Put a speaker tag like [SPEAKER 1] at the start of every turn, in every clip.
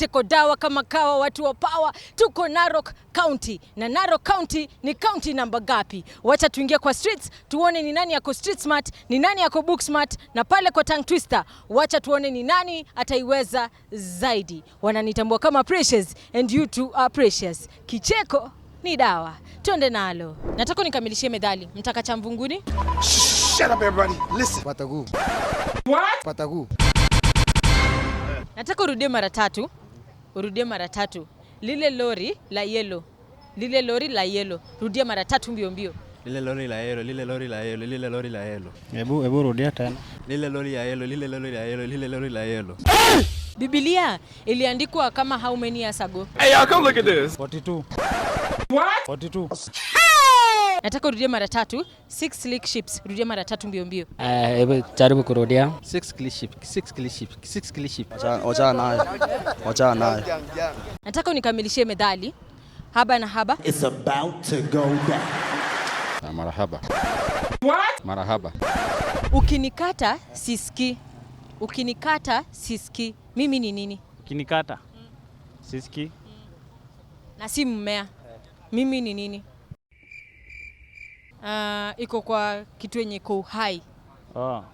[SPEAKER 1] Cheko dawa kama kawa, watu wa pawa, tuko Narok County. Na Narok County ni county namba gapi? Wacha tuingie kwa streets tuone ni nani yako street smart, ni nani yako book smart, na pale kwa tongue twister, wacha tuone ni nani ataiweza zaidi. Wananitambua kama Precious and you too are precious. Kicheko ni dawa, twende nalo. Nataka nikamilishie medali mtaka cha mvunguni.
[SPEAKER 2] Shut up everybody. Listen. Patagu. What?
[SPEAKER 3] Patagu.
[SPEAKER 1] Nataka urudie mara tatu urudie mara tatu. Lile lori la yelo, lile lori la yelo, rudia mara tatu mbio mbio.
[SPEAKER 4] Lile lori la yelo, lile lori la yelo, lile lori la yelo.
[SPEAKER 5] Hebu hebu rudia tena.
[SPEAKER 4] Lile lori la yelo, lile lori la yelo, lile lori la yelo.
[SPEAKER 1] Biblia iliandikwa kama how many years ago?
[SPEAKER 2] Hey, come look at this. 42. What?
[SPEAKER 5] 42.
[SPEAKER 1] Nataka urudie mara tatu. Six click ships. Rudia mara tatu mbio mbio.
[SPEAKER 6] Eh, hebu jaribu kurudia.
[SPEAKER 7] Six click ship. Six click ship. Six click ship.
[SPEAKER 3] Wacha nayo. Wacha nayo.
[SPEAKER 1] Nataka unikamilishie medali. Haba na haba.
[SPEAKER 2] It's about to go down. Marahaba. What?
[SPEAKER 8] Marahaba.
[SPEAKER 1] Ukinikata siski. Ukinikata siski. Mimi ni nini?
[SPEAKER 9] Ukinikata siski.
[SPEAKER 1] Na si mmea. Mimi ni nini? Uh, iko kwa kitu yenye iko uhai.
[SPEAKER 9] Oh.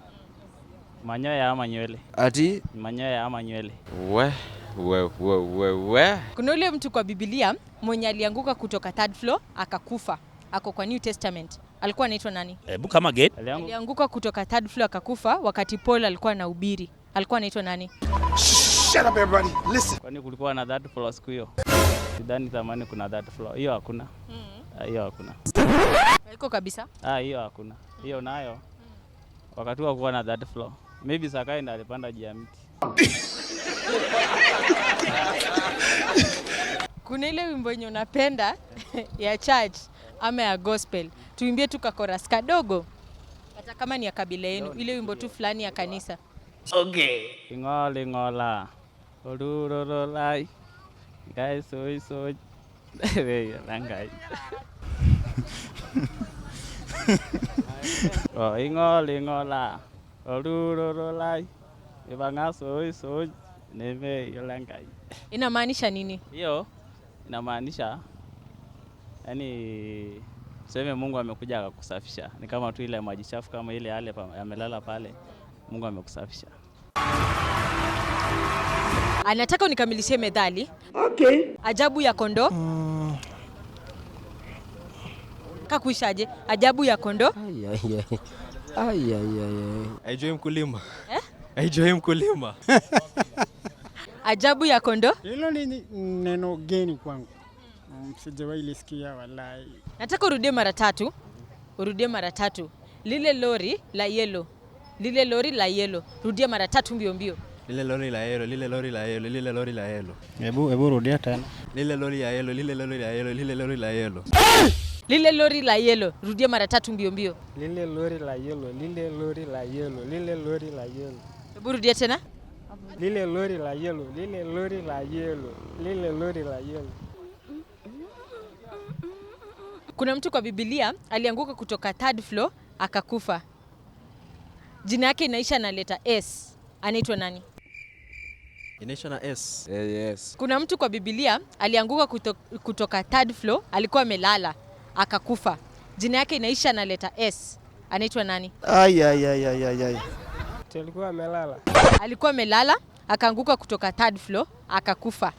[SPEAKER 9] Manyoya ama nywele? Ati manyoya ama nywele?
[SPEAKER 2] We, we, we, we, we.
[SPEAKER 1] Kuna ule mtu kwa Biblia mwenye alianguka kutoka third floor akakufa, ako kwa New Testament. Alikuwa anaitwa nani? Hebu kama gate. Alianguka kutoka third floor akakufa wakati Paul alikuwa anahubiri. Alikuwa anaitwa nani?
[SPEAKER 2] Shut up everybody. Listen.
[SPEAKER 9] Kwani kulikuwa na third floor siku hiyo? Sidhani zamani kuna third floor. Hiyo hakuna. Hmm. Ah, hiyo hakuna iko kabisa? Ah, hiyo hakuna. Hiyo nayo. Wakati wa kuwa na third floor. Maybe Sakai ndiye alipanda juu ya mti.
[SPEAKER 1] Kuna ile wimbo yenye unapenda ya church ama ya gospel. Tuimbie tu kakoras kadogo. Hata kama ni ya kabila yenu, ile wimbo tu fulani ya kanisa.
[SPEAKER 2] Okay.
[SPEAKER 9] Ingole ngola. Olurorolai. Guys, so so. langai. oing'ol ing'olaa olurorolai
[SPEAKER 1] Inamaanisha nini
[SPEAKER 9] hiyo? Inamaanisha yani, tuseme Mungu amekuja akakusafisha, ni kama tu ile maji chafu kama ile yale yamelala pale, Mungu amekusafisha.
[SPEAKER 1] Anataka unikamilishie medhali Okay. Ajabu ya kondoo mm. Kakuishaje? Ajabu ya kondoo.
[SPEAKER 2] Aijoi mkulima eh? Aijoi mkulima
[SPEAKER 1] ajabu ya kondoo.
[SPEAKER 10] Hilo ni neno geni kwangu, mm, sijawahi lisikia walai.
[SPEAKER 1] Nataka urudie mara tatu, urudie mara tatu. Lile lori la yelo, lile lori la yelo, rudia mara tatu mbio mbio.
[SPEAKER 4] Lile lori la yelo, lile lori la yelo, lile lori la yelo.
[SPEAKER 5] Hebu hebu rudia tena.
[SPEAKER 4] Lile lori la yelo, lile lori la yelo, lile lori la yellow.
[SPEAKER 1] Lile lori la yellow, rudia mara tatu mbio mbio.
[SPEAKER 10] Lile lori la yellow, lile lori la yellow, lile lori la yellow.
[SPEAKER 1] Hebu rudia tena.
[SPEAKER 10] Lile lori la yellow, lile lori la yellow, lile lori la yellow.
[SPEAKER 1] Kuna mtu kwa Biblia alianguka kutoka third floor akakufa. Jina yake inaisha na leta S. Anaitwa nani?
[SPEAKER 2] Inaisha na S.
[SPEAKER 3] Eh, yes.
[SPEAKER 1] Kuna mtu kwa Biblia alianguka kutoka third floor, alikuwa amelala akakufa. Jina yake inaisha na leta S. Anaitwa nani?
[SPEAKER 2] Ay, ay, ay, ay, ay.
[SPEAKER 9] Alikuwa amelala.
[SPEAKER 1] Alikuwa amelala akaanguka kutoka third floor akakufa.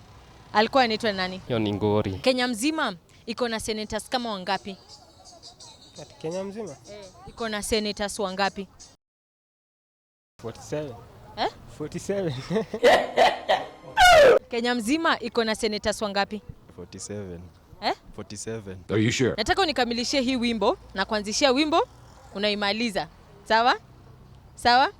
[SPEAKER 1] Alikuwa anaitwa nani?
[SPEAKER 5] Hiyo ni ngori.
[SPEAKER 1] Kenya mzima iko na senators kama wangapi?
[SPEAKER 9] Kati Kenya mzima
[SPEAKER 1] eh, iko na senators wangapi? 47. Eh? 47. Kenya mzima iko na senators wangapi? 47. Eh?
[SPEAKER 8] 47.
[SPEAKER 2] Are you sure?
[SPEAKER 1] Nataka unikamilishie hii wimbo na kuanzishia wimbo unaimaliza. Sawa? Sawa?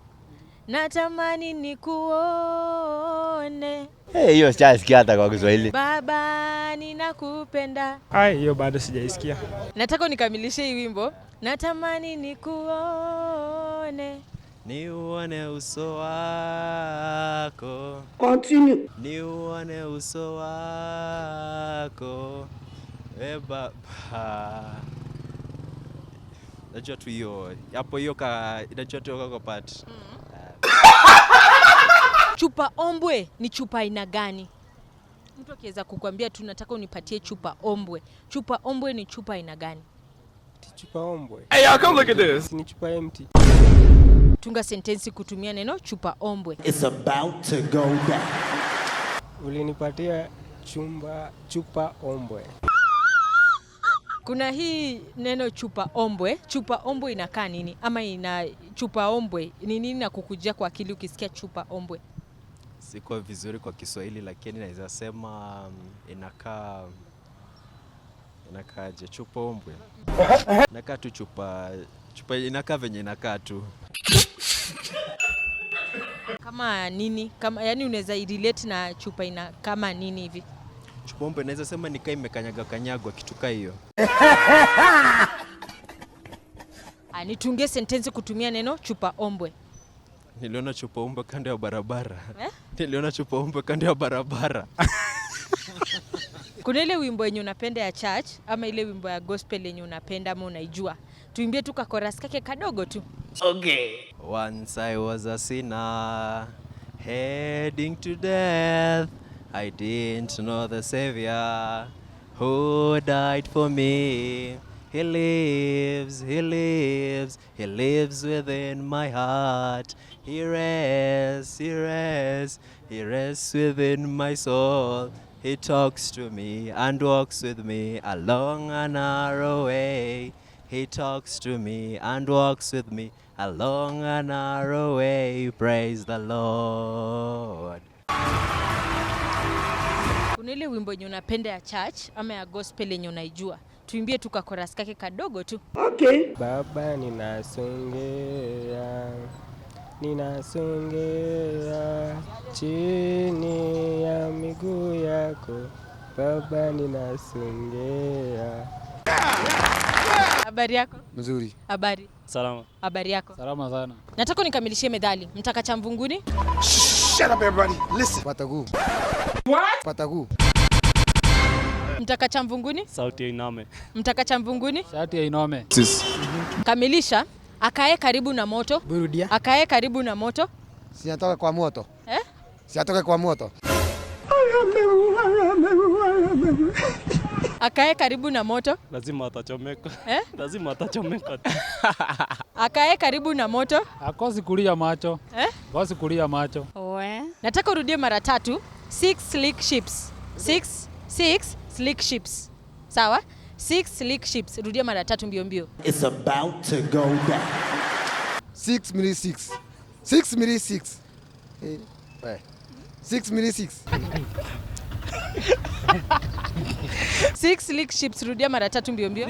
[SPEAKER 1] Natamani nikuone.
[SPEAKER 3] Eh, hiyo sijaisikia hata kwa Kiswahili.
[SPEAKER 1] Baba, ninakupenda.
[SPEAKER 5] hiyo bado sijaisikia.
[SPEAKER 1] Nataka unikamilishie hii wimbo. Natamani nikuone.
[SPEAKER 8] Niuone uso wako. Continue. Niuone uso wako. Eh, ba, ba, najua tu hiyo hapo hiyo ka inajua tu kwa part mm.
[SPEAKER 1] chupa ombwe ni chupa aina gani? Mtu akiweza kukwambia tu nataka unipatie chupa ombwe, chupa ombwe ni chupa aina gani?
[SPEAKER 9] Chupa ombwe.
[SPEAKER 2] Hey, I come look at this.
[SPEAKER 9] Ni chupa empty.
[SPEAKER 1] Tunga sentensi kutumia neno chupa ombwe.
[SPEAKER 2] It's about to go down.
[SPEAKER 9] Ulinipatia chumba chupa ombwe.
[SPEAKER 1] Kuna hii neno chupa ombwe. Chupa ombwe inakaa nini? Ama ina chupa ombwe ni nini na kukujia kwa akili ukisikia chupa ombwe?
[SPEAKER 8] Siko vizuri kwa Kiswahili, lakini naweza sema mm, inakaa inakaaje? Chupa ombwe inakaa tu chupa, chupa inakaa venye inakaa tu
[SPEAKER 1] kama nini, kama yani unaweza relate na chupa ina kama nini hivi
[SPEAKER 8] Chupombe naweza sema nikaa imekanyaga kanyagwa kituka hiyo.
[SPEAKER 1] Nitungie sentensi kutumia neno chupa ombwe.
[SPEAKER 8] Niliona chupa ombwe kando ya barabara eh? Niliona chupa ombwe kando ya barabara.
[SPEAKER 1] Kuna ile wimbo yenye unapenda ya church ama ile wimbo ya gospel yenye unapenda ama unaijua? Tuimbie tu kakoras kake kadogo tu.
[SPEAKER 2] Okay.
[SPEAKER 8] Once I was a sinner heading to death I didn't know the Savior who died for me. He lives, He lives, He lives within my heart. He rests, He rests, He rests within my soul. He talks to me and walks with me along a narrow way. He talks to me and walks with me along a narrow way. Praise the Lord.
[SPEAKER 1] kuna ile wimbo yenye unapenda ya church ama ya gospel yenye unaijua? Tuimbie tu kakoras kake kadogo tu.
[SPEAKER 2] Okay.
[SPEAKER 8] Baba ninasongea, ninasongea chini ya miguu yako Baba ninasongea.
[SPEAKER 1] Habari yako? Mzuri. Habari. Salama. Habari yako? Salama sana. Nataka nikamilishie medali mtakachamvunguni mvunguni
[SPEAKER 2] Shut up everybody. Listen. Patagu. What?
[SPEAKER 3] Patagu.
[SPEAKER 1] Mtaka cha mvunguni?
[SPEAKER 4] Sauti ya inome.
[SPEAKER 1] Mtaka cha mvunguni?
[SPEAKER 4] Sauti ya inome.
[SPEAKER 2] Sis.
[SPEAKER 1] Kamilisha. Akae karibu na moto. Burudia. Akae karibu na moto.
[SPEAKER 3] Sinatoka kwa moto. Eh? Sinatoka kwa moto.
[SPEAKER 1] Akae karibu na moto.
[SPEAKER 4] Lazima atachomeka. Eh? Lazima atachomeka.
[SPEAKER 1] Akae karibu na moto.
[SPEAKER 5] Akosi kulia macho. Eh? Akosi kulia macho.
[SPEAKER 1] Oh. Nataka urudie mara tatu. Six sleek ships. Six, six sleek ships. Sawa? Six sleek ships. Rudia mara tatu mbio mbio.
[SPEAKER 2] It's about to go down.
[SPEAKER 3] Six mili six. Six mili six. Six mili six.
[SPEAKER 1] Six sleek ships. Rudia mara tatu mbio mbio.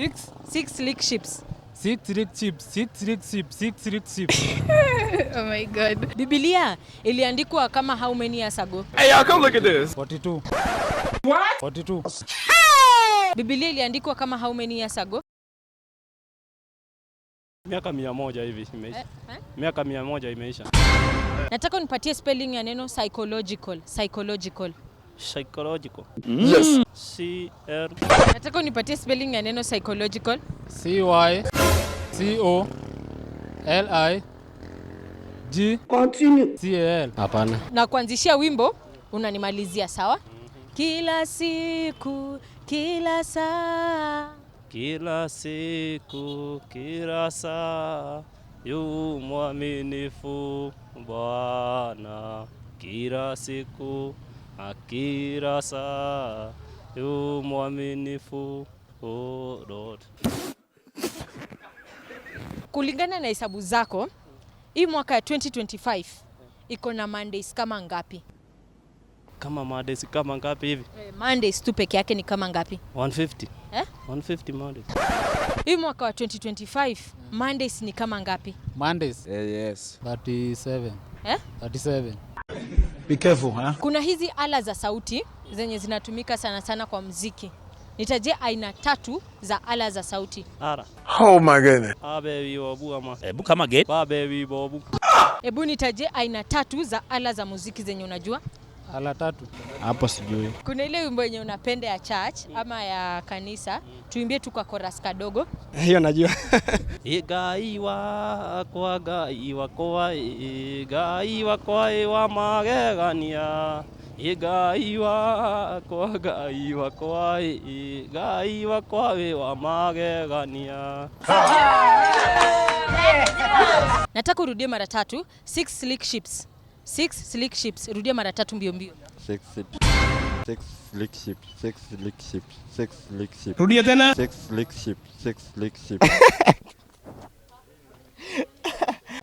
[SPEAKER 1] Six sleek ships. Siksrik Oh my God. Biblia iliandikwa kama how many years ago?
[SPEAKER 2] Hey, how come look at this? 42. What?
[SPEAKER 5] 42.
[SPEAKER 1] Hey! Biblia iliandikwa kama how many years ago?
[SPEAKER 4] Miaka mia moja hivi imeisha. Eh, eh? Miaka mia moja imeisha.
[SPEAKER 1] Nataka unipatie spelling ya neno psychological. Psychological.
[SPEAKER 4] Psychological. Yes. C R.
[SPEAKER 1] Nataka unipatie spelling ya neno psychological.
[SPEAKER 5] C Y C O L I G
[SPEAKER 2] continue
[SPEAKER 5] C A L. Hapana.
[SPEAKER 1] Na kuanzishia wimbo unanimalizia sawa? Kila siku, kila saa.
[SPEAKER 8] Kila siku, kila saa. Yu mwaminifu Bwana. Kila siku, kila saa. Yu mwaminifu. Oh, Lord
[SPEAKER 1] kulingana na hesabu zako hii mwaka ya 2025 iko na Mondays kama ngapi?
[SPEAKER 5] Kama Mondays kama ngapi hivi? Eh,
[SPEAKER 1] Mondays tu peke yake ni kama ngapi? 150. Eh?
[SPEAKER 5] 150 Mondays.
[SPEAKER 1] Hii mwaka wa 2025 Mondays ni kama ngapi?
[SPEAKER 5] Mondays.
[SPEAKER 2] Eh, yes.
[SPEAKER 5] 37. Eh? 37.
[SPEAKER 2] Be careful, huh?
[SPEAKER 1] Kuna hizi ala za sauti zenye zinatumika sana sana kwa mziki Nitaje aina tatu za ala za sauti.
[SPEAKER 4] Ara.
[SPEAKER 2] Oh my goodness. Ebu kama gate.
[SPEAKER 1] Ebu nitaje aina tatu za ala za muziki zenye unajua?
[SPEAKER 5] Ala tatu. Hapo sijui.
[SPEAKER 1] Kuna ile wimbo yenye unapenda ya church ama ya kanisa, tuimbie tu kwa chorus kadogo.
[SPEAKER 5] Hiyo najua.
[SPEAKER 8] Igaiwa kwa gaiwa kwa igaiwa kwa wa magegania Igai wakwa Ngai wakwa Ngai wakwa wĩ wa magegania.
[SPEAKER 1] Nataka urudie mara tatu. Six slick ships. Six slick ships. Rudia mara tatu mbio mbio.
[SPEAKER 3] Six six slick ships. Six slick ships. Six slick ships. Rudia tena. Six slick ships. Six slick ships.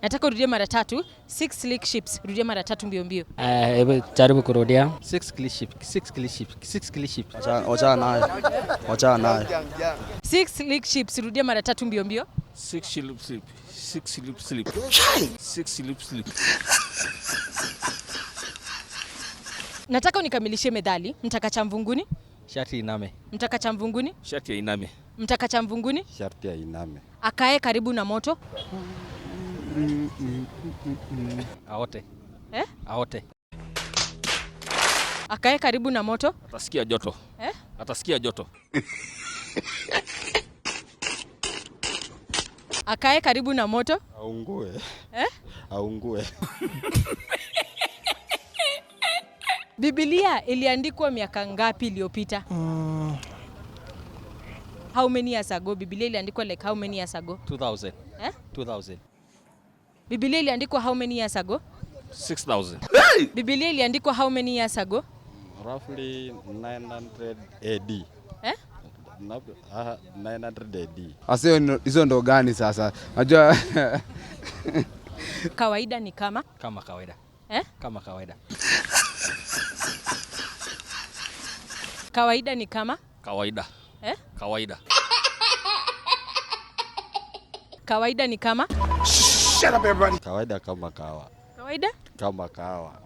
[SPEAKER 1] Nataka urudie mara tatu. Six click ships. Rudia mara tatu mbio mbio.
[SPEAKER 6] Eh, hebu jaribu kurudia.
[SPEAKER 7] Six click ship. Six click ship. Six click ship.
[SPEAKER 3] Acha nayo. Acha nayo.
[SPEAKER 1] Six click ships. Rudia mara tatu mbio mbio.
[SPEAKER 4] Six slip slip. Six slip slip. Six slip slip.
[SPEAKER 1] Nataka unikamilishe methali. Mtakacha mvunguni.
[SPEAKER 4] Shati iname.
[SPEAKER 1] Mtakacha mvunguni.
[SPEAKER 4] Shati iname.
[SPEAKER 1] Mtakacha mvunguni.
[SPEAKER 3] Shati iname.
[SPEAKER 1] Akae karibu na moto. Aote. Eh? Aote. Akae karibu na moto?
[SPEAKER 4] Atasikia joto. Eh? Atasikia joto.
[SPEAKER 1] Akae karibu na moto? Aungue. Eh? Aungue. Biblia iliandikwa miaka ngapi iliyopita? Mm. How many years ago? Biblia iliandikwa like how many years ago? 2000. Eh? 2000. Biblia iliandikwa how many years ago?
[SPEAKER 4] 6000. Hey!
[SPEAKER 1] Biblia iliandikwa how many years ago?
[SPEAKER 3] Roughly 900 AD.
[SPEAKER 1] Eh?
[SPEAKER 5] Ase ah, hizo ndo gani sasa? Najua
[SPEAKER 1] kawaida ni kama
[SPEAKER 4] kama kawaida. Eh? Kama kawaida.
[SPEAKER 1] Kawaida ni kama kawaida. Eh? Kawaida. Kawaida ni kama
[SPEAKER 2] Shh. Shut up everybody.
[SPEAKER 3] Kawaida kama kawa. Kawaida? Kama kawa.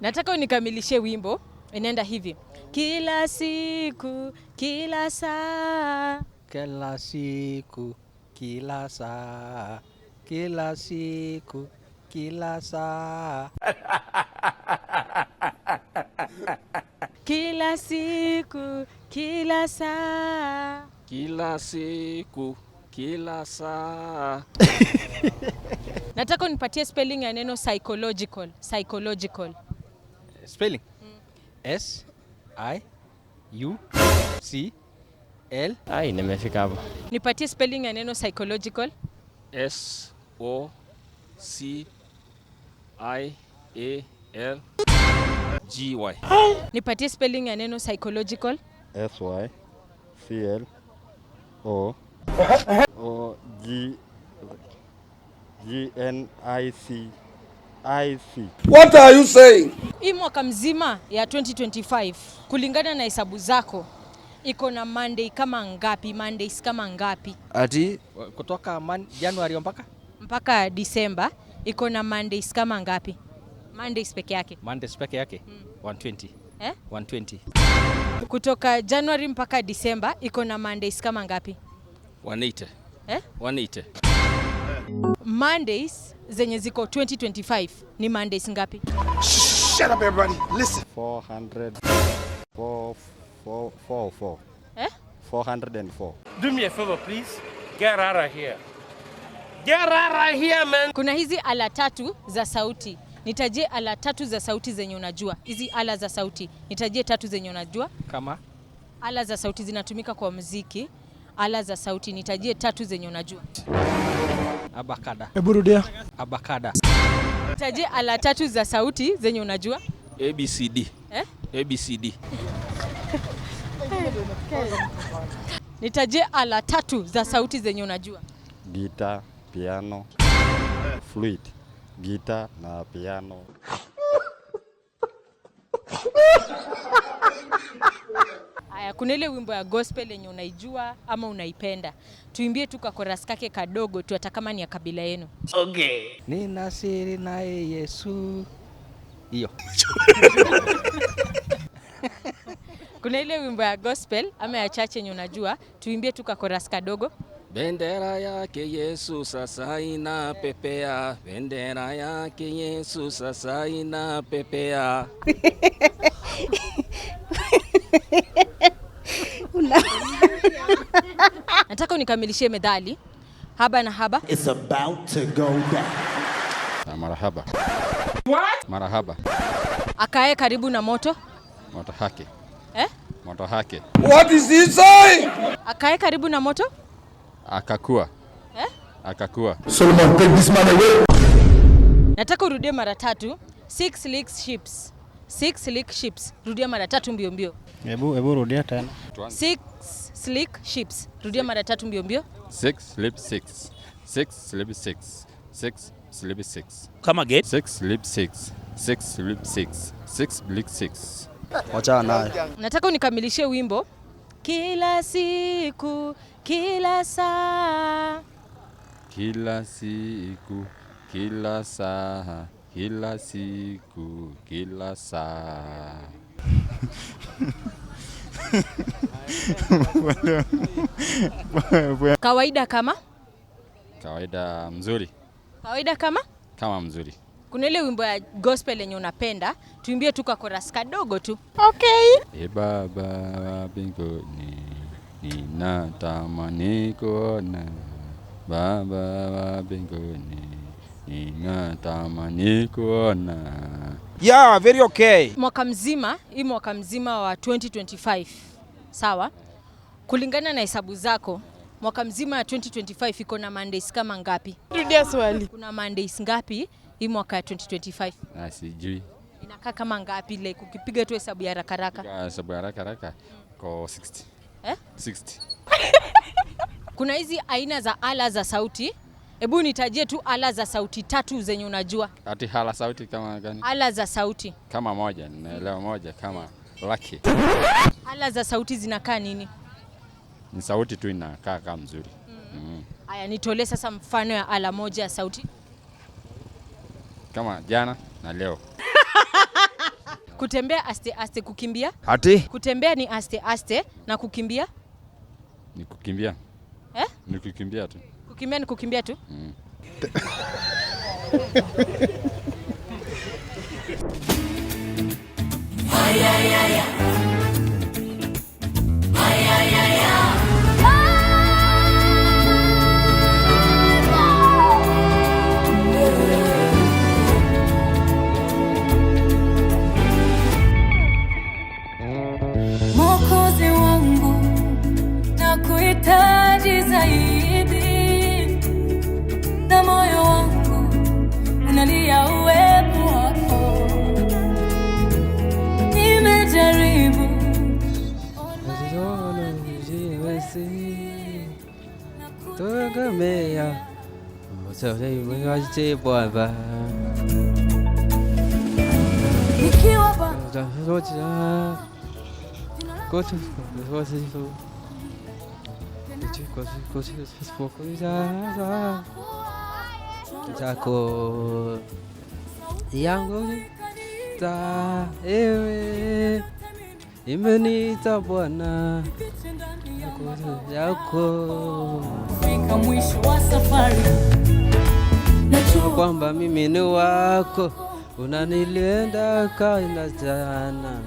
[SPEAKER 1] Nataka unikamilishe wimbo. Inaenda hivi. Kila siku, kila saa.
[SPEAKER 8] Kila siku, kila saa. Kila siku, kila saa.
[SPEAKER 1] Kila siku, kila saa.
[SPEAKER 8] Kila siku kila saa
[SPEAKER 1] nataka unipatie spelling ya neno psychological. Psychological.
[SPEAKER 4] Spelling? Mm. S I U C L
[SPEAKER 5] Ai, nimefika hapo.
[SPEAKER 1] Nipatie spelling ya neno psychological.
[SPEAKER 4] S O C I A L G Y.
[SPEAKER 1] Nipatie spelling ya neno psychological.
[SPEAKER 3] S Y C L O O G G N I C I C.
[SPEAKER 2] What are you saying?
[SPEAKER 1] Hii mwaka mzima ya 2025 kulingana na hesabu zako iko na Monday kama ngapi? Mondays kama ngapi?
[SPEAKER 5] Ati kutoka man, January mpaka
[SPEAKER 1] mpaka Disemba iko na Mondays kama ngapi? Mondays peke yake.
[SPEAKER 4] Mondays peke yake mm. 120. Eh? 120.
[SPEAKER 1] Kutoka January mpaka Disemba iko na Mondays kama ngapi? wanite Eh? wanite Mondays zenye ziko 2025 ni Mondays ngapi?
[SPEAKER 2] Shut up everybody. Listen.
[SPEAKER 3] 400. 4 4 4 4. 404.
[SPEAKER 4] Do me a favor please. Get out of here. Get out of here man.
[SPEAKER 1] Kuna hizi ala tatu za sauti. Nitajie ala tatu za sauti zenye unajua. Hizi ala za sauti. Nitajie tatu zenye unajua. Kama ala za sauti zinatumika kwa muziki ala za sauti, nitajie tatu zenye unajua.
[SPEAKER 4] Abakada. Eburudia. Abakada.
[SPEAKER 1] Nitajie ala tatu za sauti zenye unajua. ABCD. Eh? ABCD. Nitajie ala tatu za sauti zenye unajua.
[SPEAKER 3] Gita, piano, flute. Gita na piano.
[SPEAKER 1] Haya, eh, kuna ile wimbo ya gospel yenye unaijua ama unaipenda, tuimbie tu kwa chorus kake kadogo tu, hata kama ni ya kabila yenu.
[SPEAKER 2] Okay,
[SPEAKER 8] nina siri naye Yesu, hiyo
[SPEAKER 1] kuna ile wimbo ya gospel ama ya church yenye unajua, tuimbie tu kwa chorus kadogo.
[SPEAKER 8] Bendera yake Yesu sasa inapepea, bendera yake Yesu sasa inapepea
[SPEAKER 1] kula. Nataka unikamilishie medali haba na haba.
[SPEAKER 2] It's about to go down. Marahaba. What?
[SPEAKER 8] Marahaba.
[SPEAKER 1] Akae karibu na moto. Moto haki. Eh?
[SPEAKER 4] Moto haki.
[SPEAKER 2] What is he saying?
[SPEAKER 1] Akae karibu na moto. Akakua. Eh?
[SPEAKER 4] Akakua.
[SPEAKER 2] Solomon, take this man away.
[SPEAKER 1] Nataka urudie mara tatu. Six leaks ships. Six leaks ships. Rudia mara tatu mbio mbio.
[SPEAKER 5] Hebu hebu rudia tena.
[SPEAKER 1] Six sleek ships. Rudia mara tatu mbio mbio.
[SPEAKER 8] Six sleep six. Six sleep six. Six sleep six. Come again. Six sleep six. Six sleep six. Six sleep six.
[SPEAKER 3] Wacha nayo.
[SPEAKER 1] Nataka unikamilishie wimbo. Kila siku, kila saa.
[SPEAKER 8] Kila siku, kila saa. Kila siku, kila saa.
[SPEAKER 1] kawaida kama
[SPEAKER 4] kawaida mzuri, kawaida kama kama mzuri.
[SPEAKER 1] Kuna ile wimbo ya gospel yenye unapenda, tuimbie tu kwa chorus kadogo tu.
[SPEAKER 2] Okay.
[SPEAKER 8] E Baba wa mbinguni, ninatamani kuona Baba wa mbinguni, ninatamani kuona
[SPEAKER 2] Yeah, very okay.
[SPEAKER 1] Mwaka mzima hii mwaka mzima wa 2025 sawa, kulingana na hesabu zako mwaka mzima wa 2025 iko na Mondays kama ngapi?
[SPEAKER 5] Rudia swali.
[SPEAKER 1] Kuna Mondays ngapi hii mwaka ya 2025?
[SPEAKER 4] Ah, sijui.
[SPEAKER 1] Inakaa kama ngapi ile ukipiga tu hesabu ya haraka haraka.
[SPEAKER 4] Ah, hesabu ya haraka haraka kwa 60. Eh? 60.
[SPEAKER 1] Kuna hizi aina za ala za sauti Hebu nitajie tu ala za sauti tatu zenye unajua.
[SPEAKER 4] Ati ala sauti kama gani?
[SPEAKER 1] Ala za sauti
[SPEAKER 4] kama moja, ninaelewa moja kama laki.
[SPEAKER 1] Ala za sauti zinakaa nini?
[SPEAKER 4] Ni sauti tu inakaa kama mzuri.
[SPEAKER 1] Haya, mm. Nitolee sasa mfano ya ala moja ya sauti
[SPEAKER 4] kama jana na leo.
[SPEAKER 1] Kutembea aste aste, kukimbia ati? Kutembea ni aste aste na kukimbia ni kukimbia eh? ni kukimbia tu Kukimbia ni kukimbia tu
[SPEAKER 4] mm.
[SPEAKER 8] 선생님은 하시지 뭐하봐 자 소자 꽃을 꽃을 꽃을 꽃을 꽃을 자자 자꾸 양고기 자 에웨 이문이 떠보나 야코 kwamba mimi ni wako, unanilinda kaina jana,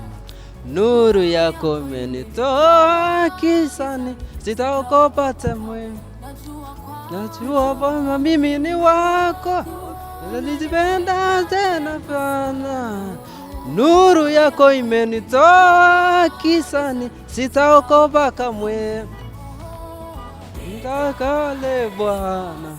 [SPEAKER 8] nuru yako imenitoa kisani, sitaogopa temwe. Najua kwamba mimi ni wako, unanipenda tena pana, nuru yako imenitoa kisani, sitaogopa kamwe, mtakale Bwana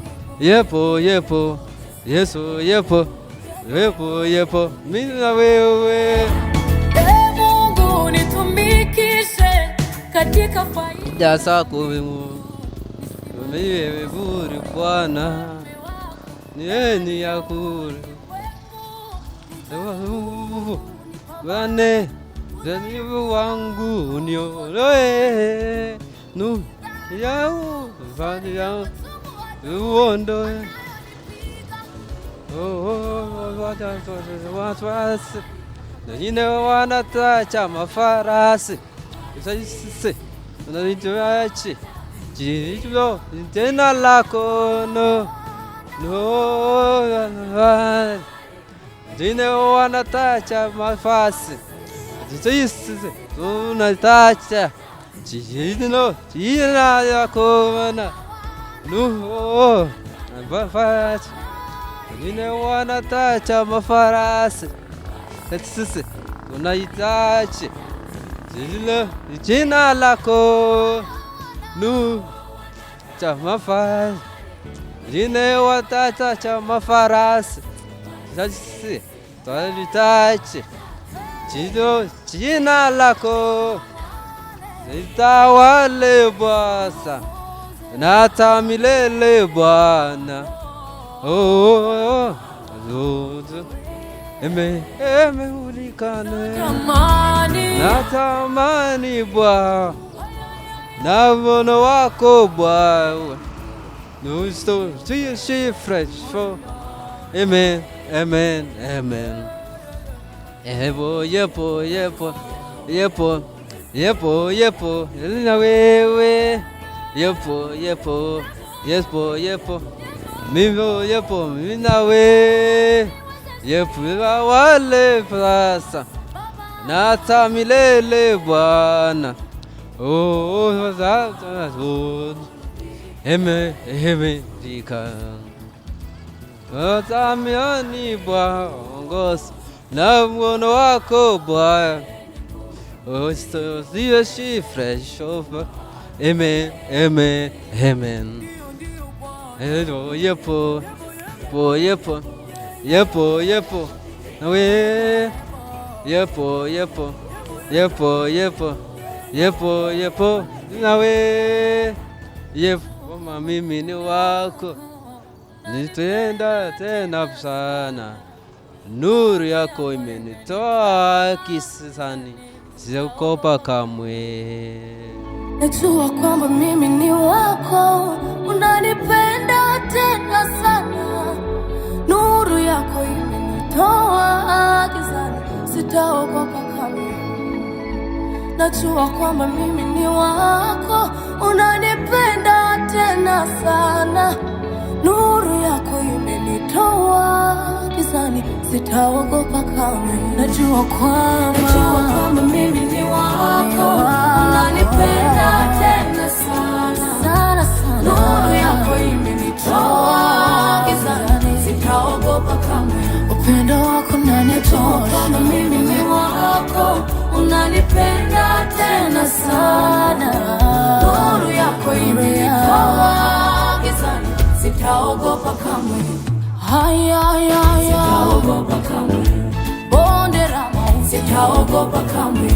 [SPEAKER 8] Yepo, yepo, Yesu yepo, yepo, yepo, mimi na wewe. Ee Mungu nitumikishe katika faida zako mimi buri Bwana nieni yakuri wane danivu wangu niolee nu yau vani yau oh, wasiwasi, wengine wanatacha mafarasi sisi tunaiachi jicho tena lako no no wengine wanatacha mafasi sisi tunatacha jicho jina lako na Nuhu oh, Bafat Nina wana tacha mafarasi Sisi unahitaji Jina, jina lako Nuhu cha mafarasi Jina watata cha mafarasi Sisi tunahitaji Jino, jina lako Nitawale Bwana na hata milele Bwana. Oh, oh, oh. emeulikane natamani Bwana na uono wako Bwana nustoishi fresho. Amen, amen, amen. Yepo, yepo, yepo, yepo, yepo, yepo, na wewe yepo yepo yepo yepo mimo yepo minawe yepuva wale sasa na milele Bwana emehemerika oh, hata mioni Bwana ongoza na mkono wako Bwana ositoziweshi oh, fresh oh, Amen, amen, amen. Yepo, yepo, yepo, yepo, yepo. Nawe yepo, yepo, yepo, yepo, yepo, yepo. Nawe yepo, kama mimi ni wako, nitaenda tena sana. Nuru yako imenitoa kisani, sijaogopa kamwe najua kwamba mimi ni wako, unanipenda tena sana. Nuru yako imenitoa gizani, sitaogopa kamwe. Najua kwamba mimi ni wako, unanipenda tena sana. Nuru yako imenitoa gizani sitaogopa kama najua kwamba mimi ni wako, unanipenda tena sana, sana sana, nuru yako imenitoa gizani, sitaogopa kama upendo wako kama mimi ni wako, unanipenda tena sana, nuru yako imenitoa gizani, sitaogopa kama Sitaogopa kamwe. Bonde la mauti. Sitaogopa kamwe.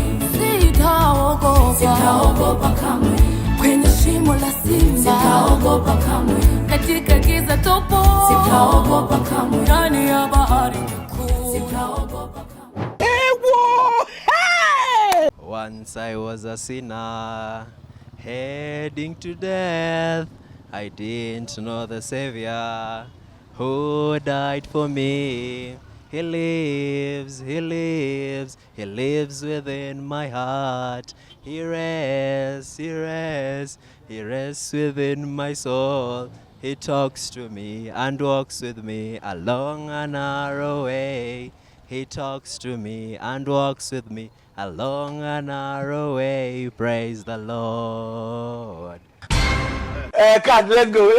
[SPEAKER 8] Sitaogopa. kamwe. Kwenye shimo la simba. Sitaogopa kamwe. Katika giza topo. Sitaogopa kamwe. Ndani ya bahari kuu. Sitaogopa kamwe. Ewo! Hey! Once I was a sinner heading to death. I didn't know the Savior. who died for me. He lives, he lives, he lives within my heart. He rests, he rests, he rests within my soul. He talks to me and walks with me along a narrow way. He talks to me and walks with me along a narrow way. Praise the Lord.
[SPEAKER 2] Uh, cut, let's go.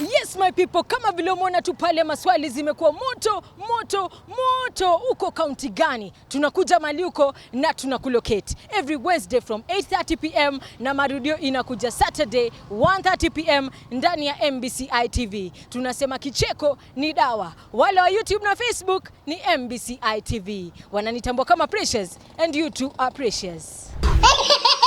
[SPEAKER 1] Yes my people, kama vile umeona tu pale, maswali zimekuwa moto moto moto. Uko kaunti gani? Tunakuja mali huko na tunakulocate every Wednesday from 8:30 pm, na marudio inakuja Saturday 1:30 pm ndani ya MBC ITV. Tunasema kicheko ni dawa. Wale wa YouTube na Facebook ni MBC ITV, wananitambua kama Precious and you too are precious